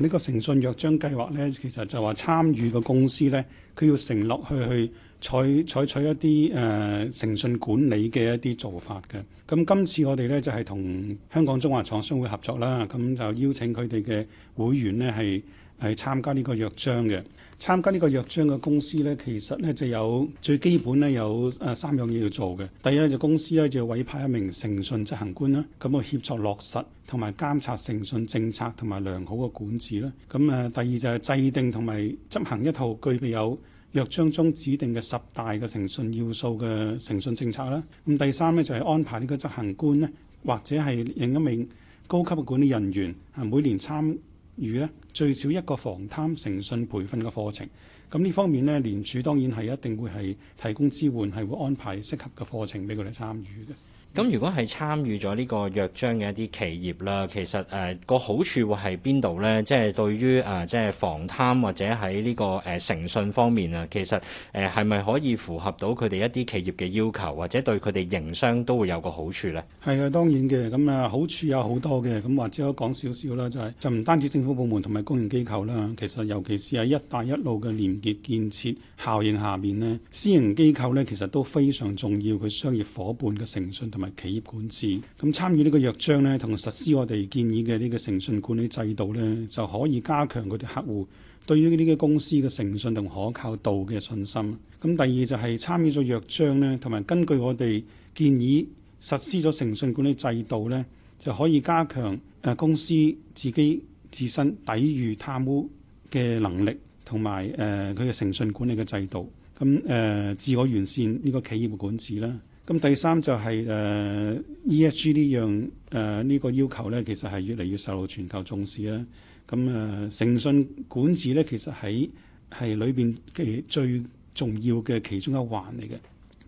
呢個誠信約章計劃咧，其實就話參與嘅公司咧，佢要承諾去去去採採取一啲誒、呃、誠信管理嘅一啲做法嘅，咁今次我哋咧就係、是、同香港中華廠商會合作啦，咁就邀請佢哋嘅會員呢，係係參加呢個約章嘅。參加呢個約章嘅公司咧，其實咧就有最基本咧有誒三樣嘢要做嘅。第一就是、公司咧就委派一名誠信執行官啦，咁啊協助落實同埋監察誠信政策同埋良好嘅管治啦。咁誒第二就係、是、制定同埋執行一套具備有約章中指定嘅十大嘅誠信要素嘅誠信政策啦，咁第三咧就係、是、安排呢個執行官呢，或者係另一名高級管理人員，每年參與咧最少一個防貪誠信培訓嘅課程。咁呢方面呢，廉署當然係一定會係提供支援，係會安排適合嘅課程俾佢哋參與嘅。咁如果係參與咗呢個約章嘅一啲企業啦，其實誒、呃那個好處會係邊度呢？即係對於誒、呃、即係防貪或者喺呢、這個誒、呃、誠信方面啊，其實誒係咪可以符合到佢哋一啲企業嘅要求，或者對佢哋營商都會有個好處呢？係啊，當然嘅。咁啊，好處有好多嘅。咁或者可以講少少啦，就係就唔單止政府部門同埋公營機構啦，其實尤其是係「一帶一路」嘅廉潔建設效應下面呢，私營機構呢，其實都非常重要，佢商業夥伴嘅誠信同埋企業管治，咁參與呢個約章咧，同實施我哋建議嘅呢個誠信管理制度咧，就可以加強佢哋客戶對於呢個公司嘅誠信同可靠度嘅信心。咁第二就係參與咗約章咧，同埋根據我哋建議實施咗誠信管理制度咧，就可以加強誒公司自己自身抵禦貪污嘅能力，同埋誒佢嘅誠信管理嘅制度，咁誒、呃、自我完善呢個企業管治啦。咁第三就係誒 ESG 呢樣誒呢個要求咧，其實係越嚟越受到全球重視啦。咁誒誠信管治咧，其實喺係裏邊嘅最重要嘅其中一環嚟嘅。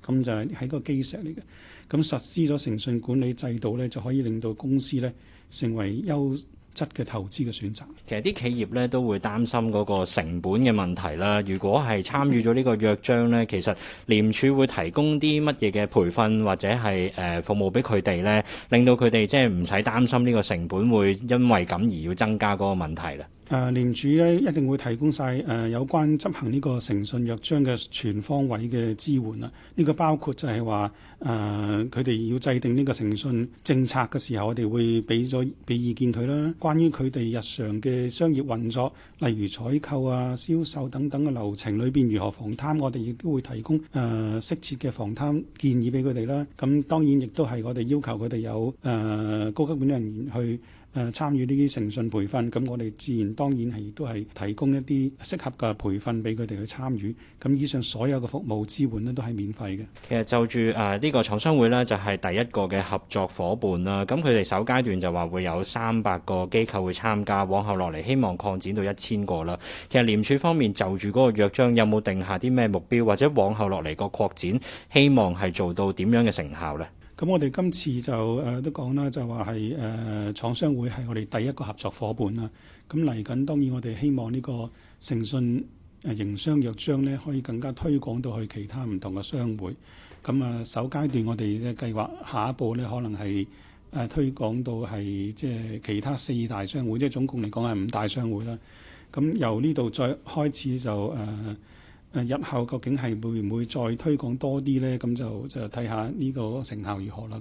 咁就係喺個基石嚟嘅。咁實施咗誠信管理制度咧，就可以令到公司咧成為優質嘅投資嘅選擇，其實啲企業咧都會擔心嗰個成本嘅問題啦。如果係參與咗呢個約章咧，其實廉署會提供啲乜嘢嘅培訓或者係誒、呃、服務俾佢哋咧，令到佢哋即係唔使擔心呢個成本會因為咁而要增加嗰個問題啦。誒、呃、廉署咧，一定會提供晒誒、呃、有關執行呢個誠信約章嘅全方位嘅支援啦。呢、這個包括就係話誒，佢、呃、哋要制定呢個誠信政策嘅時候，我哋會俾咗俾意見佢啦。關於佢哋日常嘅商業運作，例如採購啊、銷售等等嘅流程裏邊如何防貪，我哋亦都會提供誒、呃、適切嘅防貪建議俾佢哋啦。咁、嗯、當然亦都係我哋要求佢哋有誒、呃、高級管理人員去。誒，參與呢啲誠信培訓，咁我哋自然當然係亦都係提供一啲適合嘅培訓俾佢哋去參與。咁以上所有嘅服務支援咧，都係免費嘅。其實就住誒呢個廠商會呢，就係第一個嘅合作夥伴啦。咁佢哋首階段就話會有三百個機構會參加，往後落嚟希望擴展到一千個啦。其實廉署方面就住嗰個約章有冇定下啲咩目標，或者往後落嚟個擴展希望係做到點樣嘅成效呢？咁我哋今次就誒、呃、都講啦，就話係誒廠商會係我哋第一個合作夥伴啦。咁嚟緊當然我哋希望呢個誠信誒營、呃、商約章咧，可以更加推廣到去其他唔同嘅商會。咁啊，首階段我哋嘅計劃下一步咧，可能係誒、呃、推廣到係即係其他四大商會，即、就、係、是、總共嚟講係五大商會啦。咁由呢度再開始就誒。呃誒日後究竟係會唔會再推廣多啲呢？咁就就睇下呢個成效如何啦。